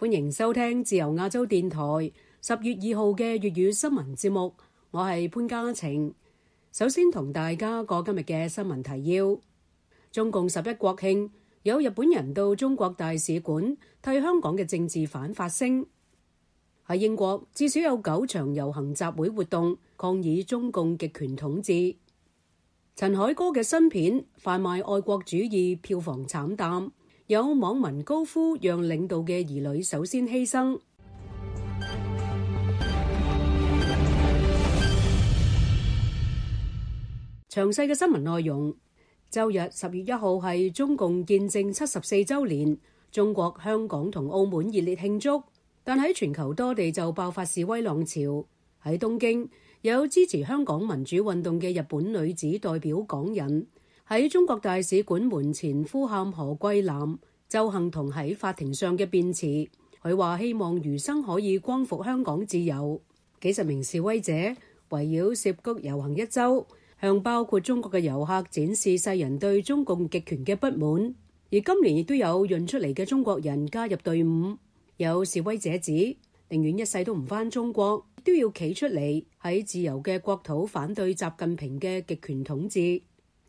歡迎收聽自由亞洲電台十月二號嘅粵語新聞節目，我係潘嘉晴。首先同大家講今日嘅新聞提要：中共十一國慶，有日本人到中國大使館替香港嘅政治犯發聲；喺英國，至少有九場遊行集會活動抗議中共極權統治。陳凱歌嘅新片販賣愛國主義，票房慘淡。有網民高呼讓領導嘅兒女首先犧牲。詳細嘅新聞內容，週日十月一號係中共建政七十四週年，中國香港同澳門熱烈慶祝，但喺全球多地就爆發示威浪潮。喺東京，有支持香港民主運動嘅日本女子代表港人。喺中國大使館門前呼喊何桂藍、鄒幸彤喺法庭上嘅辯詞，佢話希望餘生可以光復香港自由。幾十名示威者圍繞澀谷遊行一周，向包括中國嘅遊客展示世人對中共極權嘅不滿。而今年亦都有潤出嚟嘅中國人加入隊伍。有示威者指寧願一世都唔返中國，都要企出嚟喺自由嘅國土反對習近平嘅極權統治。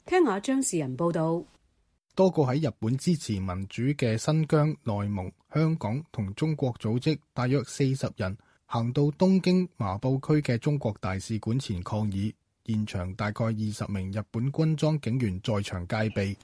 聽下張士仁報道，多個喺日本支持民主嘅新疆、內蒙、香港同中國組織，大約四十人行到東京麻布區嘅中國大使館前抗議，現場大概二十名日本軍裝警員在場戒備。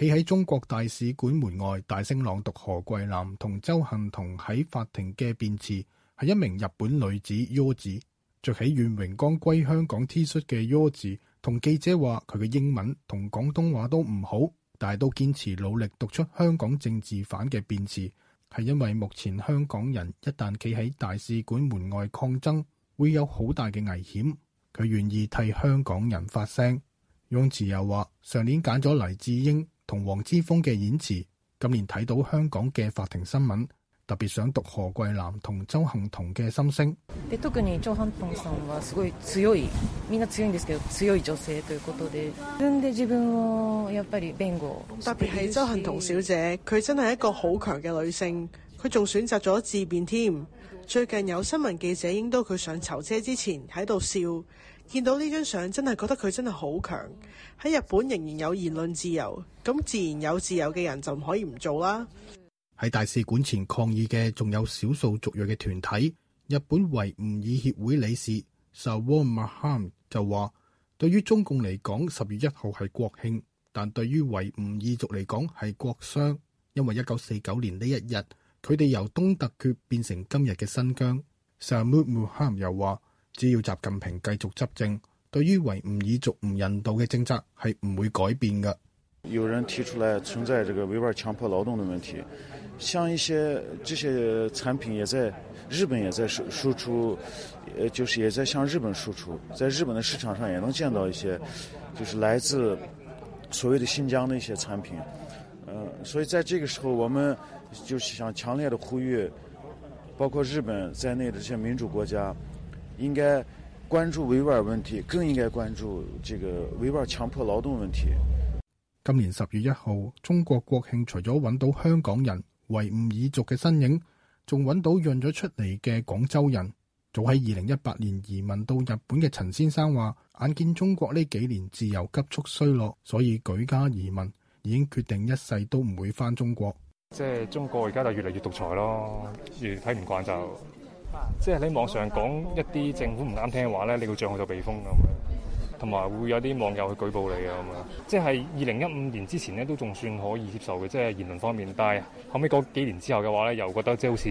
企喺中國大使館門外，大聲朗讀何桂藍同鄒幸彤喺法庭嘅辯詞，係一名日本女子 Yo 子著起願榮光歸香港 T 恤嘅 Yo 子，同記者話佢嘅英文同廣東話都唔好，但係都堅持努力讀出香港政治犯嘅辯詞，係因為目前香港人一旦企喺大使館門外抗爭，會有好大嘅危險。佢願意替香港人發聲，用詞又話上年揀咗黎智英。同黃之鋒嘅演辭，今年睇到香港嘅法庭新聞，特別想讀何桂藍同鄒幸彤嘅心聲。特別係鄒幸彤小姐，佢真係一個好強嘅女性，佢仲選擇咗自辯添。最近有新聞記者影到佢上囚車之前喺度笑。見到呢張相，真係覺得佢真係好強。喺日本仍然有言論自由，咁自然有自由嘅人就唔可以唔做啦。喺大使館前抗議嘅仲有少數族裔嘅團體。日本維吾爾協會理事 Samud Muhammad 就話：對於中共嚟講，十月一號係國慶，但對於維吾爾族嚟講係國傷，因為一九四九年呢一日，佢哋由東突厥變成今日嘅新疆。Samud Muhammad 又話。只要習近平繼續執政，對於維吾爾族唔人道嘅政策係唔會改變嘅。有人提出來存在這個維吾爾強迫勞動的問題，像一些這些產品也在日本也在輸輸出，呃，就是也在向日本輸出，在日本的市場上也能見到一些，就是來自所謂的新疆的一些產品，嗯，所以在這個時候，我們就是想強烈的呼籲，包括日本在內的這些民主國家。應該關注維吾爾問題，更應該關注這個維吾爾強迫勞動問題。今年十月一號，中國國慶，除咗搵到香港人維吾爾族嘅身影，仲搵到潤咗出嚟嘅廣州人。早喺二零一八年移民到日本嘅陳先生話：眼見中國呢幾年自由急速衰落，所以舉家移民，已經決定一世都唔會返中國。即係中國而家就越嚟越獨裁咯，越睇唔慣就。即係喺網上講一啲政府唔啱聽嘅話咧，你個賬號就被封咁樣，同埋會有啲網友去舉報你嘅咁樣。即係二零一五年之前咧，都仲算可以接受嘅，即係言論方面。但係後尾嗰幾年之後嘅話咧，又覺得即係好似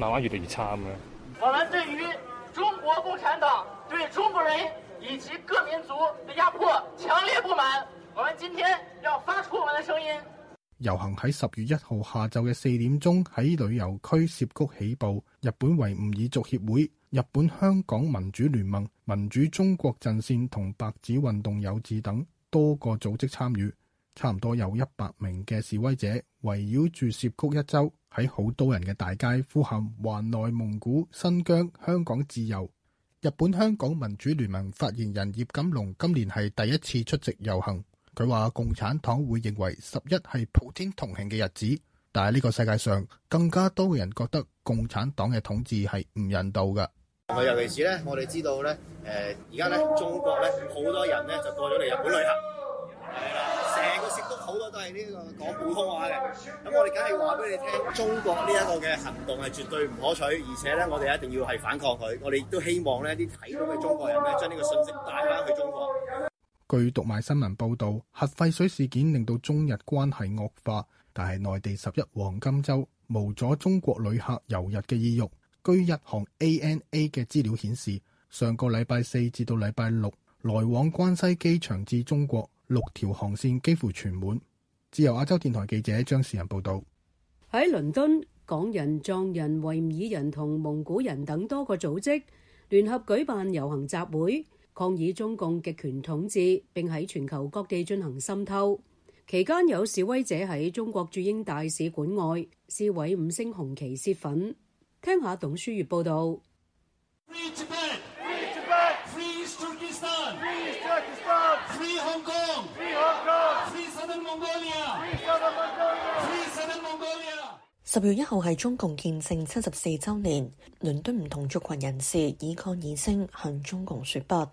慢慢越嚟越差咁樣。我們對於中國共產黨對中國人以及各民族嘅壓迫強烈不滿，我們今天要發出我們的聲音。遊行喺十月一號下晝嘅四點鐘喺旅遊區涉谷起步。日本維吾爾族協會、日本香港民主聯盟、民主中國陣線同白紙運動有志等多個組織參與。差唔多有一百名嘅示威者圍繞住涉谷一周，喺好多人嘅大街呼喊：還內蒙古、新疆、香港自由！日本香港民主聯盟發言人葉錦龍今年係第一次出席遊行。佢話共產黨會認為十一係普天同慶嘅日子，但係呢個世界上更加多嘅人覺得共產黨嘅統治係唔人道㗎。我尤其是咧，我哋知道咧，誒而家咧中國咧好多人咧就過咗嚟日本旅行，係啦，成個食都好多都係呢個講普通話嘅。咁我哋梗係話俾你聽，中國呢一個嘅行動係絕對唔可取，而且咧我哋一定要係反抗佢。我哋亦都希望呢啲睇到嘅中國人咧將呢個信息帶翻去中國。據讀賣新聞報道，核廢水事件令到中日關係惡化，但係內地十一黃金週無阻中國旅客遊日嘅意欲。據日航 ANA 嘅資料顯示，上個禮拜四至到禮拜六，來往關西機場至中國六條航線幾乎全滿。自由亞洲電台記者張士仁報道：喺倫敦、港人、藏人、維吾爾人同蒙古人等多個組織聯合舉辦遊行集會。抗議中共極權統治，並喺全球各地進行滲透。期間有示威者喺中國駐英大使館外撕毀五星紅旗洩憤。聽下董書月報道。十月一號係中共建政七十四周年，倫敦唔同族群人士以抗議聲向中共說不。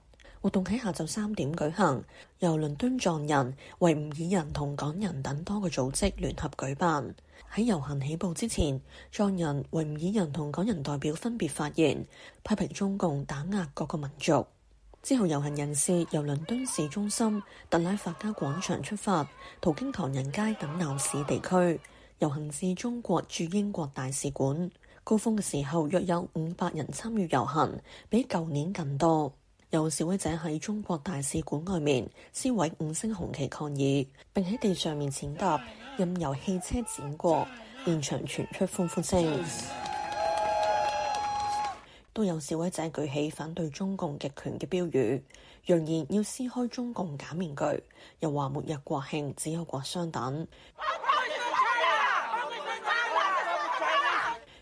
活動喺下晝三點舉行，由倫敦藏人、維吾爾人同港人等多個組織聯合舉辦。喺遊行起步之前，藏人、維吾爾人同港人代表分別發言，批評中共打壓各個民族。之後，遊行人士由倫敦市中心特拉法加廣場出發，途經唐人街等鬧市地區，遊行至中國駐英國大使館。高峰嘅時候，約有五百人參與遊行，比舊年更多。有示威者喺中國大使館外面撕毀五星紅旗抗議，並喺地上面踐踏，任由汽車碾過，現場傳出歡呼聲。 都有示威者舉起反對中共極權嘅標語，揚言要撕開中共假面具，又話「末日國慶只有國殤」等。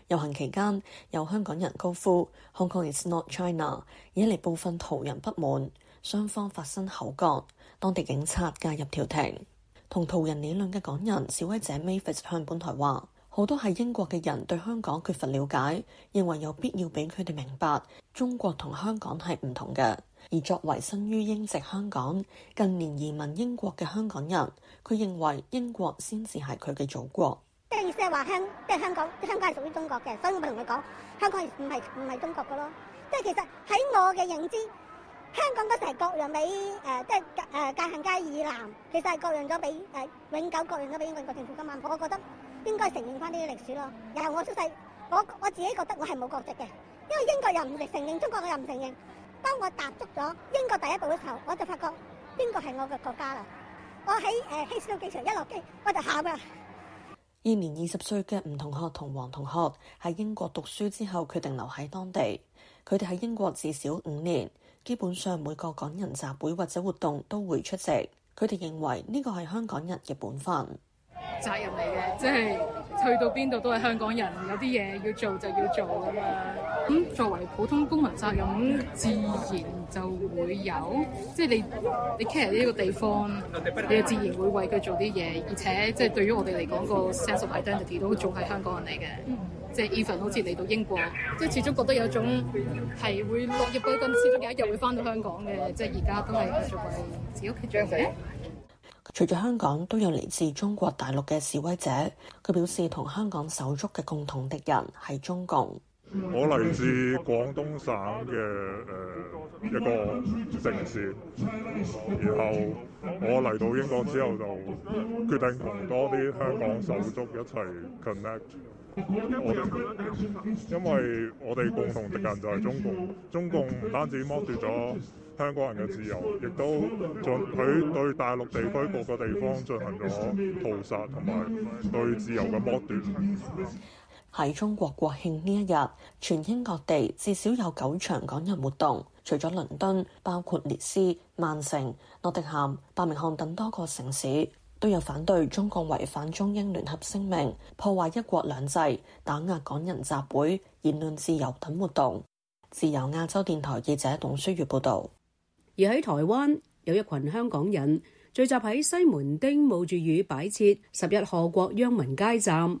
遊行期間，有香港人高呼「Hong Kong is not China」，引嚟部分途人不滿，雙方發生口角，當地警察介入調停。同途人理論嘅港人，示威者 Mavis 向本台話：好多係英國嘅人對香港缺乏了解，認為有必要俾佢哋明白中國同香港係唔同嘅。而作為生於英籍香港、近年移民英國嘅香港人，佢認為英國先至係佢嘅祖國。即係意思係話香，即係香港，香港係屬於中國嘅，所以我咪同佢講，香港唔係唔係中國嘅咯。即係其實喺我嘅認知，香港嗰時係割讓俾誒，即係誒界限街以南，其實係割讓咗俾誒，永久割讓咗俾英國政府噶嘛。我覺得應該承認翻呢啲歷史咯。然後我出世，我我自己覺得我係冇國籍嘅，因為英國又唔承認，中國又唔承認。當我踏足咗英國第一步嘅時候，我就發覺邊個係我嘅國家啦？我喺誒希斯羅機場一落機，我就喊啦！二年二十歲嘅吳同學同黃同學喺英國讀書之後，決定留喺當地。佢哋喺英國至少五年，基本上每個港人集會或者活動都會出席。佢哋認為呢個係香港人嘅本分、責任嚟嘅，即、就、係、是、去到邊度都係香港人，有啲嘢要做就要做啊嘛。咁作為普通公民，責任自然就會有，即係你你 care 呢個地方，你就自然會為佢做啲嘢。而且即係對於我哋嚟講，個 sense of identity 都仲係香港人嚟嘅。即係 even 好似嚟到英國，即係始終覺得有種係會落葉歸根，始終有一日會翻到香港嘅。即係而家都係繼續為自己屋企長者。除咗香港，都有嚟自中國大陸嘅示威者。佢表示，同香港手足嘅共同敵人係中共。我嚟自廣東省嘅誒、呃、一個城市，然後我嚟到英國之後就決定同多啲香港手足一齊 connect。我哋因為我哋共同敵人就係中共，中共唔單止剝奪咗香港人嘅自由，亦都進佢對大陸地區各個地方進行咗屠殺同埋對自由嘅剝奪。喺中國國慶呢一日，全英各地至少有九場港人活動，除咗倫敦，包括列斯、曼城、諾迪咸、伯明翰等多個城市，都有反對中國違反中英聯合聲明、破壞一國兩制、打壓港人集會、言論自由等活動。自由亞洲電台記者董書月報導。而喺台灣，有一群香港人聚集喺西門町冒住雨擺設十一禍國殃民街站。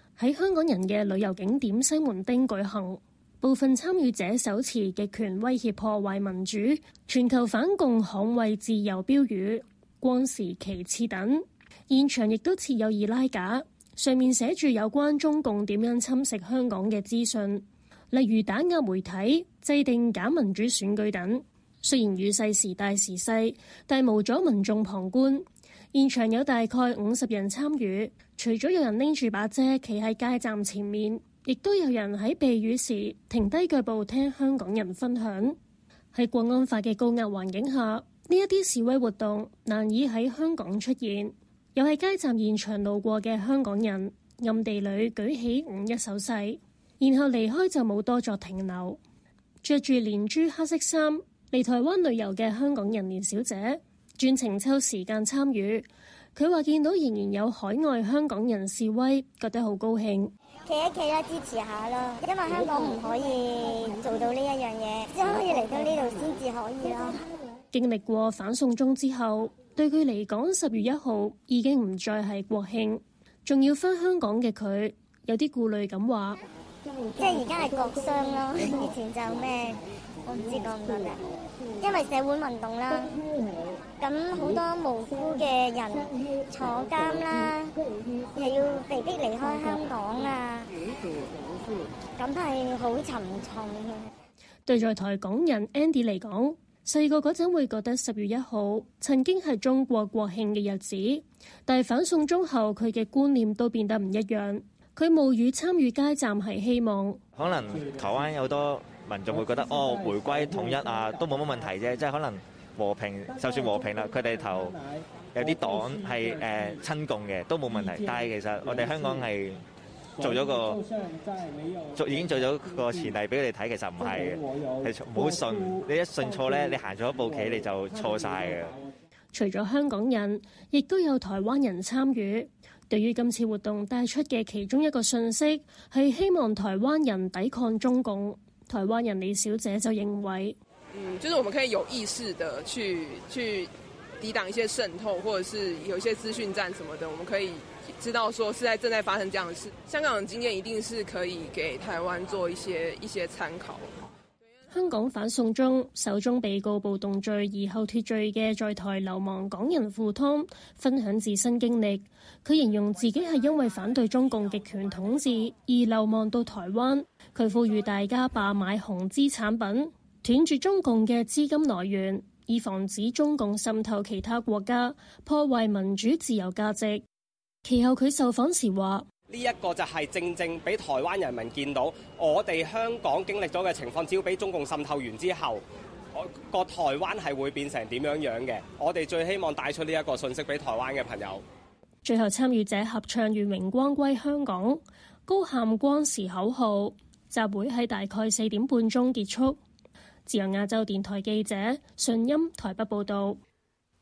喺香港人嘅旅遊景點西門町舉行，部分參與者手持極權威脅破壞民主、全球反共、捍衞自由標語、光時旗幟等。現場亦都設有易拉架，上面寫住有關中共點樣侵蝕香港嘅資訊，例如打壓媒體、制定假民主選舉等。雖然雨勢時大時細，但係無阻民眾旁觀。現場有大概五十人參與，除咗有人拎住把遮企喺街站前面，亦都有人喺避雨時停低腳步聽香港人分享。喺國安法嘅高壓環境下，呢一啲示威活動難以喺香港出現。又係街站現場路過嘅香港人，暗地裏舉起五一手勢，然後離開就冇多作停留。着住連珠黑色衫嚟台灣旅遊嘅香港人連小姐。專程抽時間參與，佢話見到仍然有海外香港人示威，覺得好高興。企一企啦，支持下啦，因為香港唔可以做到呢一樣嘢，只可以嚟到呢度先至可以咯。經歷過反送中之後，對佢嚟講，十月一號已經唔再係國慶，仲要返香港嘅佢有啲顧慮咁話，即係而家係國殤咯，以前就咩我唔知講唔講得，因為社會運動啦。咁好、嗯、多無辜嘅人坐監啦，嗯嗯嗯、又要被迫離開香港啊！咁係好沉重嘅。對在台港人 Andy 嚟講，細個嗰陣會覺得十月一號曾經係中國國慶嘅日子，但係反送中後佢嘅觀念都變得唔一樣。佢冒雨參與街站係希望，可能台灣有好多民眾會覺得、嗯嗯、哦，回歸統一啊，都冇乜問題啫，即係可能。和平就算和平啦，佢哋頭有啲黨係誒親共嘅都冇問題。但係其實我哋香港係做咗個做已經做咗個前例俾佢哋睇，其實唔係係唔好信你一信錯咧，你行咗一步棋你就錯晒嘅。除咗香港人，亦都有台灣人參與。對於今次活動帶出嘅其中一個訊息係希望台灣人抵抗中共，台灣人李小姐就認為。嗯，就是我們可以有意識的去去抵擋一些滲透，或者是有一些資訊戰什麼的。我們可以知道說是在正在發生這樣的事。香港的經驗一定是可以給台灣做一些一些參考。香港反送中首宗被告暴動罪而後脫罪嘅在台流亡港人富通分享自身經歷，佢形容自己係因為反對中共極權統治而流亡到台灣。佢呼籲大家罷買紅資產品。斷絕中共嘅資金來源，以防止中共滲透其他國家，破壞民主自由價值。其後佢受訪時話：呢一個就係正正俾台灣人民見到我哋香港經歷咗嘅情況，只要俾中共滲透完之後，個台灣係會變成點樣樣嘅？我哋最希望帶出呢一個信息俾台灣嘅朋友。最後參與者合唱《願榮光歸香港》，高喊光時口號。集會喺大概四點半鐘結束。自由亞洲電台記者順音台北報道，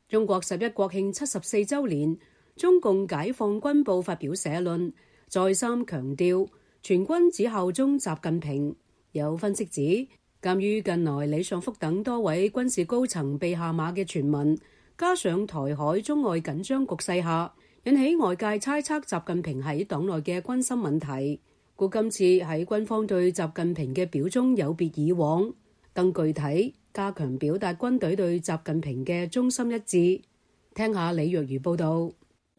中國十一國慶七十四周年，中共解放軍報發表社論，再三強調全軍只效忠習近平。有分析指，鑒於近來李尚福等多位軍事高層被下馬嘅傳聞，加上台海中外緊張局勢下，引起外界猜測習近平喺黨內嘅軍心問題。故今次喺軍方對習近平嘅表忠有別以往。更具體加強表達軍隊對習近平嘅忠心一致，聽下李若如報道。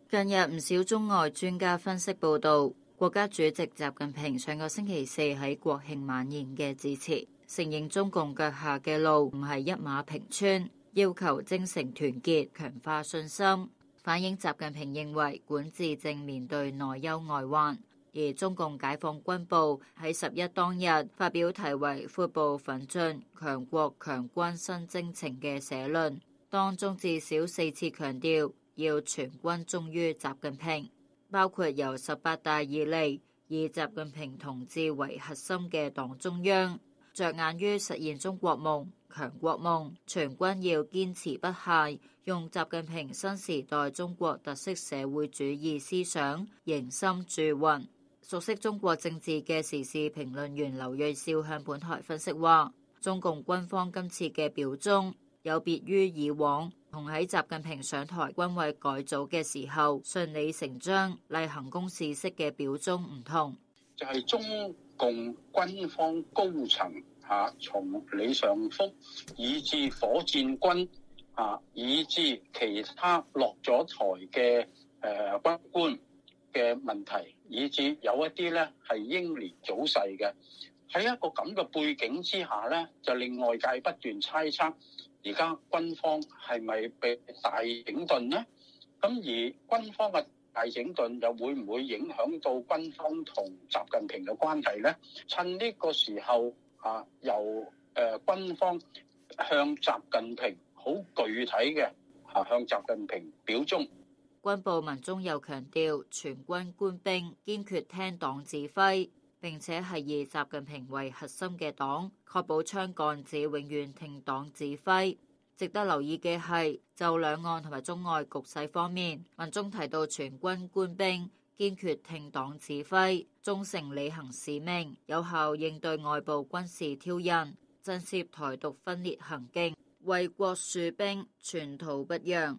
近日唔少中外專家分析報道，國家主席習近平上個星期四喺國慶晚宴嘅致辭，承認中共腳下嘅路唔係一馬平川，要求精誠團結，強化信心。反映習近平認為管治正面對內憂外患。而中共解放軍報喺十一當日發表題為《闊步奮進，強國強軍新征程》嘅社論，當中至少四次強調要全軍忠於習近平，包括由十八大以嚟以習近平同志為核心嘅黨中央着眼於實現中國夢、強國夢，全軍要堅持不懈，用習近平新時代中國特色社會主義思想凝心聚魂。熟悉中國政治嘅時事評論員劉瑞兆向本台分析話，中共軍方今次嘅表忠有別於以往，同喺習近平上台軍委改組嘅時候順理成章例行公事式嘅表忠唔同，就係中共軍方高層吓，從李尚福以至火箭軍吓，以至其他落咗台嘅誒軍官嘅問題。以至有一啲咧係英年早逝嘅，喺一個咁嘅背景之下咧，就令外界不斷猜測，而家軍方係咪被大整頓呢？咁而軍方嘅大整頓又會唔會影響到軍方同習近平嘅關係呢？趁呢個時候啊，由誒、呃、軍方向習近平好具體嘅啊向習近平表忠。軍部文中又強調，全軍官兵堅決聽黨指揮，並且係以習近平為核心嘅黨，確保槍桿子永遠聽黨指揮。值得留意嘅係，就兩岸同埋中外局勢方面，文中提到全軍官兵堅決聽黨指揮，忠誠履行使命，有效應對外部軍事挑釁，震懾台獨分裂行徑，衛國戍兵，寸土不讓。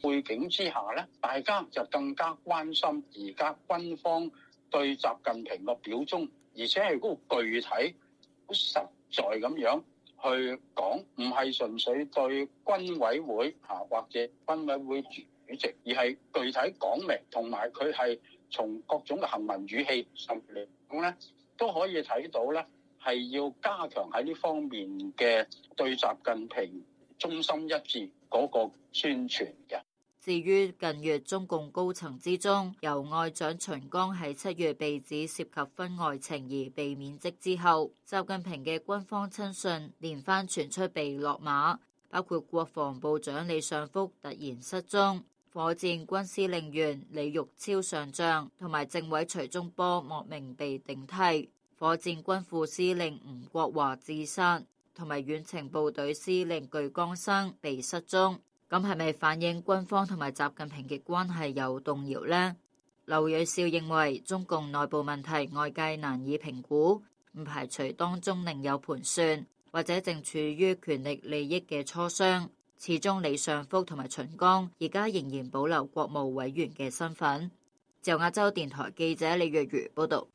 背景之下咧，大家就更加關心而家軍方對習近平個表忠，而且係個具體好實在咁樣去講，唔係純粹對軍委會嚇或者軍委會主席，而係具體講明，同埋佢係從各種嘅行文語氣，嚟講咧，都可以睇到咧，係要加強喺呢方面嘅對習近平忠心一致。嗰個宣傳嘅。至於近月中共高層之中，由外長秦剛喺七月被指涉及婚外情而被免職之後，習近平嘅軍方親信連番傳出被落馬，包括國防部長李尚福突然失蹤，火箭軍司令員李玉超上將同埋政委徐忠波莫名被頂替，火箭軍副司令吳國華自殺。同埋遠程部隊司令巨江生被失蹤，咁係咪反映軍方同埋習近平嘅關係有動搖呢？劉瑞兆認為中共內部問題外界難以評估，唔排除當中另有盤算，或者正處於權力利益嘅磋商。始終李尚福同埋秦剛而家仍然保留國務委員嘅身份。自由亞洲電台記者李若如報道。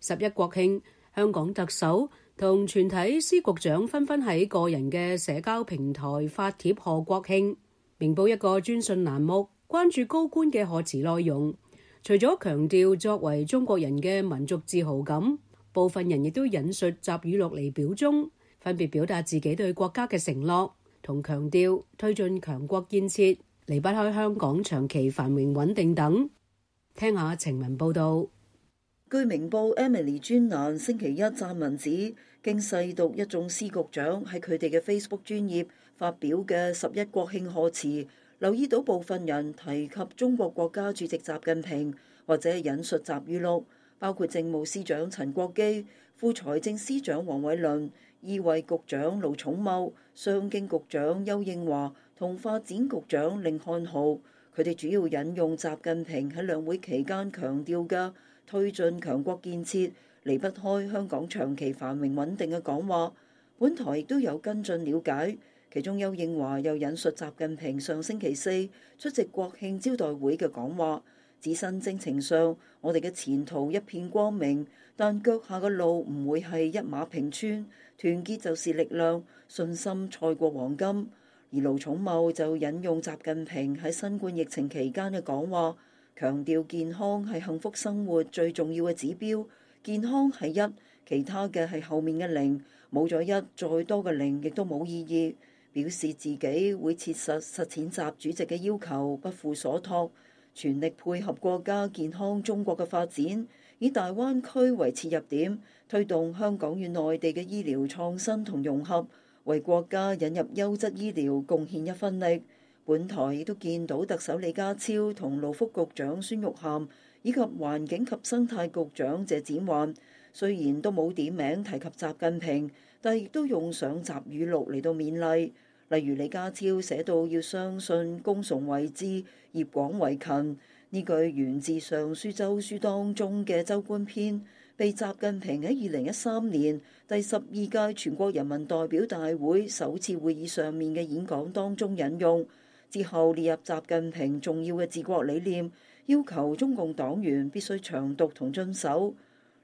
十一國慶，香港特首，同全體司局長紛紛喺個人嘅社交平台發帖賀國慶，明報一個專訊欄目關注高官嘅賀詞內容，除咗強調作為中國人嘅民族自豪感，部分人亦都引述習語錄嚟表忠，分別表達自己對國家嘅承諾，同強調推進強國建設離不開香港長期繁榮穩定等。聽下情文報道，據明報 Emily 專欄星期一撰文指。經細讀一眾司局長喺佢哋嘅 Facebook 專業發表嘅十一國慶賀詞，留意到部分人提及中國國家主席習近平，或者引述雜語錄，包括政務司長陳國基、副財政司長黃偉麟、議會局長盧寵茂、商經局長邱應華、同發展局長林漢豪。佢哋主要引用習近平喺兩會期間強調嘅推進強國建設。離不開香港長期繁榮穩定嘅講話。本台亦都有跟進了解，其中邱應華又引述習近平上星期四出席國慶招待會嘅講話，指新征程上我哋嘅前途一片光明，但腳下嘅路唔會係一馬平川。團結就是力量，信心賽過黃金。而盧寵茂就引用習近平喺新冠疫情期間嘅講話，強調健康係幸福生活最重要嘅指標。健康係一，其他嘅係後面嘅零，冇咗一，再多嘅零亦都冇意義。表示自己會切實實踐習主席嘅要求，不負所託，全力配合國家健康中國嘅發展，以大灣區為切入點，推動香港與內地嘅醫療創新同融合，為國家引入優質醫療貢獻一分力。本台亦都見到特首李家超同勞福局長孫玉菡，以及環境及生態局長謝展寰，雖然都冇點名提及習近平，但亦都用上《習語錄》嚟到勉勵。例如李家超寫到要相信“功崇惟志，業廣惟勤”，呢句源自《尚書周書》當中嘅《周官篇》，被習近平喺二零一三年第十二屆全國人民代表大會首次會議上面嘅演講當中引用。之後列入習近平重要嘅治國理念，要求中共黨員必須長讀同遵守。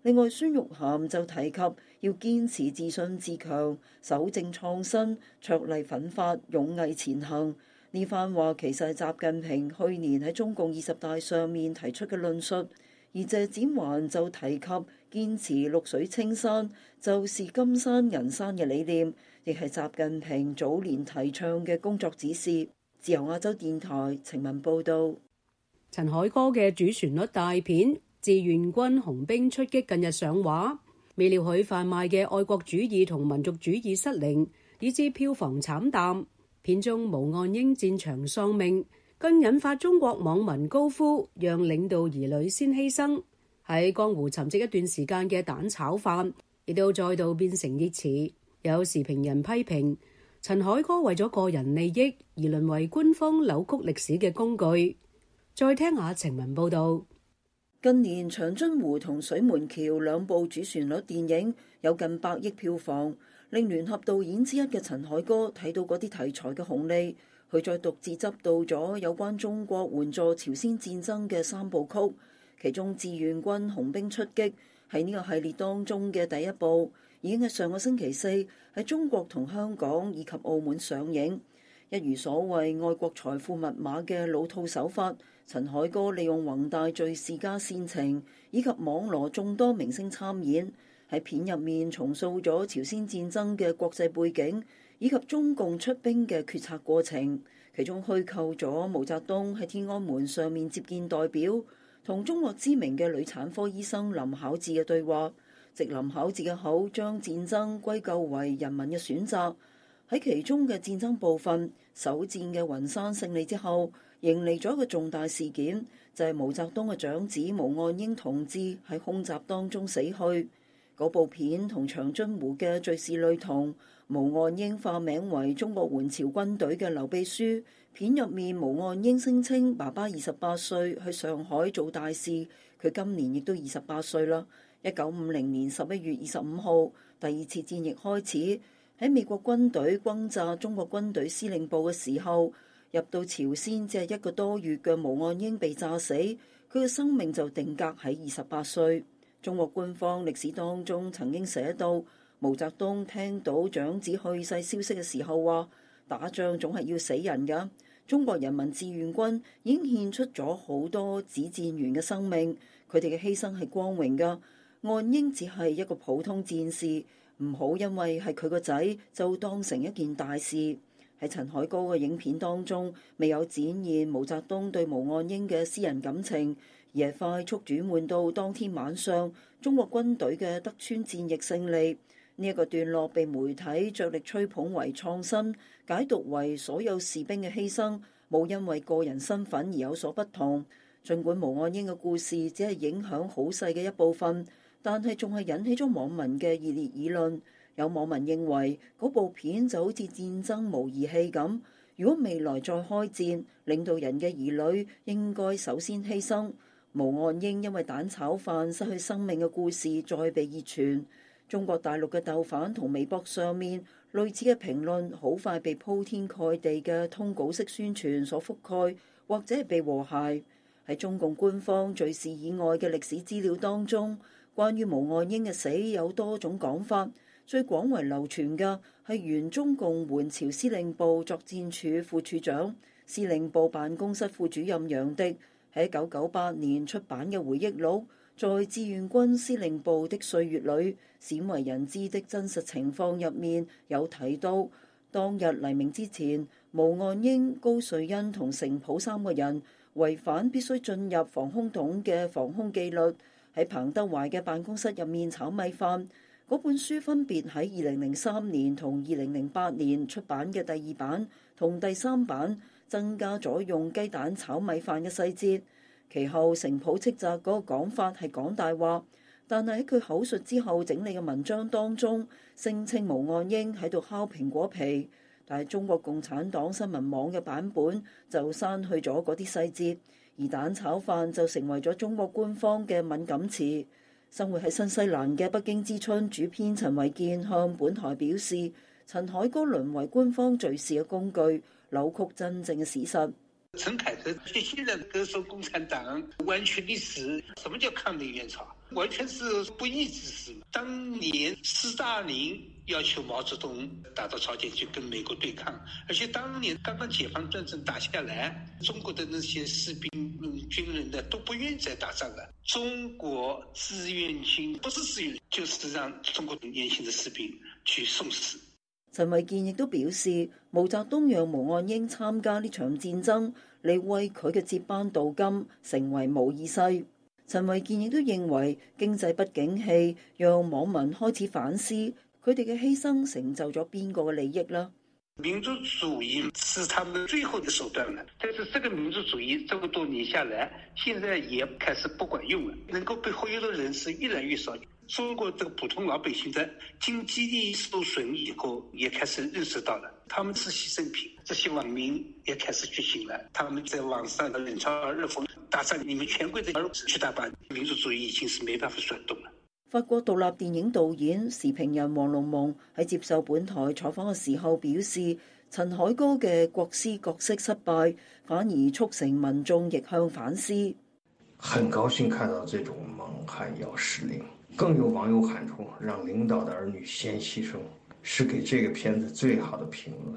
另外，孫玉菡就提及要堅持自信自強、守正創新、踔厲奮發、勇毅前行。呢番話其實係習近平去年喺中共二十大上面提出嘅論述。而謝展寰就提及堅持綠水青山就是金山銀山嘅理念，亦係習近平早年提倡嘅工作指示。自由亞洲電台陳文報道：陳凱歌嘅主旋律大片《志願軍雄兵出擊》近日上畫，未料佢販賣嘅愛國主義同民族主義失靈，以致票房慘淡。片中毛岸英戰場喪命，更引發中國網民高呼“讓領導兒女先犧牲”。喺江湖沉寂一段時間嘅蛋炒飯，亦都再度變成熱詞。有時評人批評。陳凱歌為咗個人利益而淪為官方扭曲歷史嘅工具。再聽下情文報道。近年《長津湖》同《水門橋》兩部主旋律電影有近百億票房，令聯合導演之一嘅陳凱歌睇到嗰啲題材嘅紅利。佢再獨自執導咗有關中國援助朝鮮戰爭嘅三部曲，其中《志願軍：雄兵出擊》係呢個系列當中嘅第一部。已經喺上個星期四喺中國同香港以及澳門上映，一如所謂《愛國財富密碼》嘅老套手法，陳凱歌利用宏大敘事加煽情，以及網羅眾多明星參演，喺片入面重塑咗朝鮮戰爭嘅國際背景以及中共出兵嘅決策過程，其中虛構咗毛澤東喺天安門上面接見代表，同中國知名嘅女產科醫生林巧稚嘅對話。直林口字嘅口，將戰爭歸咎為人民嘅選擇。喺其中嘅戰爭部分，首戰嘅雲山勝利之後，迎嚟咗一個重大事件，就係、是、毛澤東嘅長子毛岸英同志喺空襲當中死去。嗰部片同長津湖嘅敘事類同，毛岸英化名為中國援朝軍隊嘅劉秘書。片入面，毛岸英聲稱爸爸二十八歲去上海做大事，佢今年亦都二十八歲啦。一九五零年十一月二十五號，第二次戰役開始。喺美國軍隊轟炸中國軍隊司令部嘅時候，入到朝鮮只係一個多月嘅毛岸英被炸死，佢嘅生命就定格喺二十八歲。中國官方歷史當中曾經寫到，毛澤東聽到長子去世消息嘅時候話：打仗總係要死人㗎，中國人民志願軍已經獻出咗好多指戰員嘅生命，佢哋嘅犧牲係光榮㗎。岸英只係一個普通戰士，唔好因為係佢個仔就當成一件大事。喺陳凱歌嘅影片當中，未有展現毛澤東對毛岸英嘅私人感情，而係快速轉換到當天晚上中國軍隊嘅德川戰役勝利呢一個段落，被媒體着力吹捧為創新，解讀為所有士兵嘅犧牲冇因為個人身份而有所不同。盡管毛岸英嘅故事只係影響好細嘅一部分。但係仲係引起咗網民嘅熱烈議論。有網民認為嗰部片就好似戰爭模擬器咁，如果未來再開戰，領導人嘅兒女應該首先犧牲。毛岸英因為蛋炒飯失去生命嘅故事再被熱傳。中國大陸嘅豆瓣同微博上面類似嘅評論，好快被鋪天蓋地嘅通稿式宣傳所覆蓋，或者係被和諧喺中共官方敍事以外嘅歷史資料當中。關於毛岸英嘅死有多種講法，最廣為流傳嘅係原中共援朝司令部作戰處副處長、司令部辦公室副主任楊迪。喺一九九八年出版嘅回憶錄《在志願軍司令部的歲月裏》，鮮為人知的真實情況入面有提到，當日黎明之前，毛岸英、高瑞欣同成普三個人違反必須進入防空洞嘅防空紀律。喺彭德懷嘅辦公室入面炒米飯，嗰本書分別喺二零零三年同二零零八年出版嘅第二版同第三版，增加咗用雞蛋炒米飯嘅細節。其後，成普斥責嗰個講法係講大話，但係喺佢口述之後整理嘅文章當中聲稱毛岸英喺度烤蘋果皮，但係中國共產黨新聞網嘅版本就刪去咗嗰啲細節。而蛋炒飯就成為咗中國官方嘅敏感詞。生活喺新西蘭嘅《北京之春》主編陳維健向本台表示，陳凱歌淪為官方敘事嘅工具，扭曲真正嘅事實。陳凱歌就現的歌頌共產黨，歪曲歷史。什麼叫抗美援朝？完全是不義之事。當年斯大林要求毛澤東打到朝鮮去跟美國對抗，而且當年剛剛解放戰爭打下來，中國的那些士兵、軍人的都不願再打仗了。中國志願軍不是志願軍，就是讓中國年輕的士兵去送死。陳偉健亦都表示，毛澤東讓毛岸英參加呢場戰爭。你為佢嘅接班鍍金成為無意義。陳維健亦都認為經濟不景氣，讓網民開始反思佢哋嘅犧牲成就咗邊個嘅利益啦。民族主義是他們最後嘅手段啦，但是這個民族主義這麼多年下來，現在也開始不管用了。能夠被忽悠的人是越來越少，中國這個普通老百姓在經濟利益受損以後，也開始認識到了，他們是犧牲品。這些網民也開始覺醒了，他們在網上的冷嘲熱諷，打上你們權貴的恥辱詞，大把民族主義已經是沒辦法甩動了。法國獨立電影導演、時評人王龍蒙喺接受本台採訪嘅時候表示，陳凱歌嘅國師角色失敗，反而促成民眾逆向反思。很高興看到這種蒙汗藥失靈，更有網友喊出，讓領導的兒女先犧牲，是給這個片子最好的評論。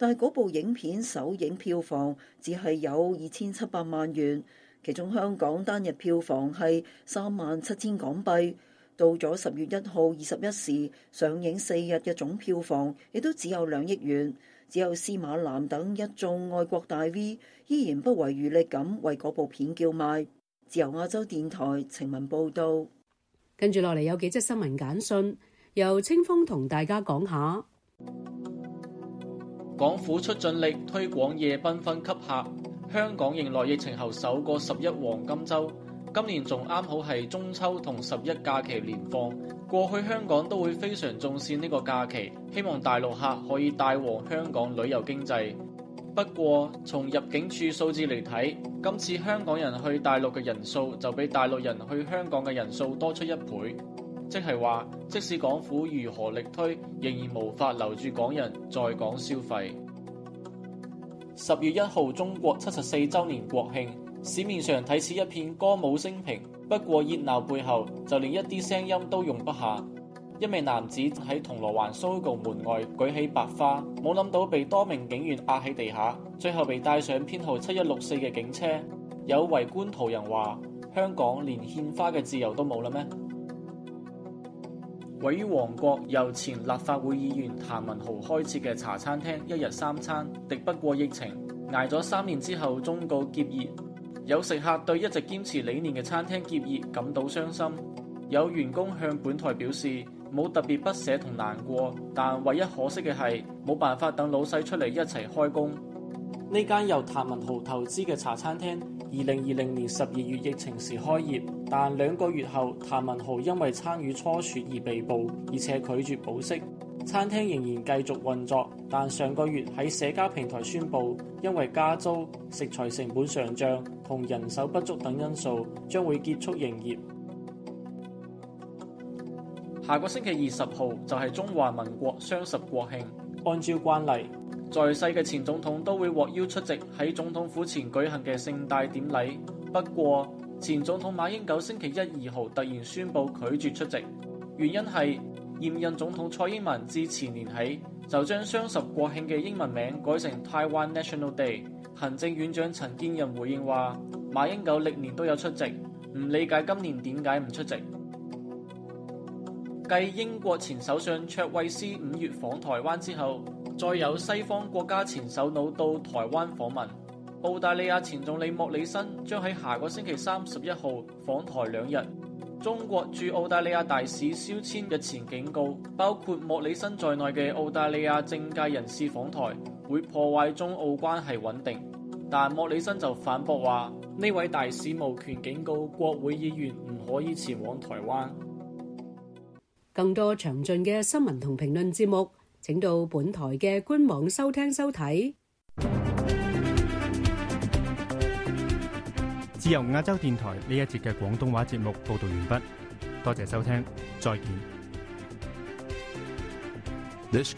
但係嗰部影片首映票房只係有二千七百萬元，其中香港單日票房係三萬七千港幣。到咗十月一號二十一時，上映四日嘅總票房亦都只有兩億元，只有司馬南等一眾外國大 V 依然不遺餘力咁為嗰部片叫賣。自由亞洲電台程文報道。跟住落嚟有幾則新聞簡訊，由清風同大家講下。港府出盡力推廣夜繽紛吸客，香港迎來疫情後首個十一黃金周，今年仲啱好係中秋同十一假期連放，過去香港都會非常重視呢個假期，希望大陸客可以帶旺香港旅遊經濟，不過從入境處數字嚟睇，今次香港人去大陸嘅人數就比大陸人去香港嘅人數多出一倍。即係話，即使港府如何力推，仍然無法留住港人在港消費。十月一號，中國七十四周年國慶，市面上睇似一片歌舞升平，不過熱鬧背後，就連一啲聲音都容不下。一名男子喺銅鑼灣 Sogo 門外舉起白花，冇諗到被多名警員壓喺地下，最後被帶上編號七一六四嘅警車。有圍觀途人話：香港連獻花嘅自由都冇喇咩？位於旺角由前立法會議員譚文豪開設嘅茶餐廳，一日三餐敵不過疫情，挨咗三年之後終告結業。有食客對一直堅持理念嘅餐廳結業感到傷心。有員工向本台表示冇特別不捨同難過，但唯一可惜嘅係冇辦法等老細出嚟一齊開工。呢間由譚文豪投資嘅茶餐廳，二零二零年十二月疫情時開業。但兩個月後，譚文豪因為參與初選而被捕，而且拒絕保釋。餐廳仍然繼續運作，但上個月喺社交平台宣布，因為加租、食材成本上漲同人手不足等因素，將會結束營業。下個星期二十號就係、是、中華民國雙十國慶，按照慣例，在世嘅前總統都會獲邀出席喺總統府前舉行嘅盛大典禮。不過，前總統馬英九星期一二號突然宣布拒絕出席，原因係現任總統蔡英文自前年起就將雙十國慶嘅英文名改成 Taiwan National Day。行政院長陳建仁回應話：馬英九歷年都有出席，唔理解今年點解唔出席。繼英國前首相卓慧斯五月訪台灣之後，再有西方國家前首腦到台灣訪問。澳大利亞前總理莫里森將喺下個星期三十一號訪台兩日。中國駐澳大利亞大使肖千日前警告，包括莫里森在內嘅澳大利亞政界人士訪台會破壞中澳關係穩定。但莫里森就反駁話，呢位大使無權警告國會議員唔可以前往台灣。更多詳盡嘅新聞同評論節目，請到本台嘅官網收聽收睇。由亞洲電台呢一節嘅廣東話節目報道完畢，多謝收聽，再見。This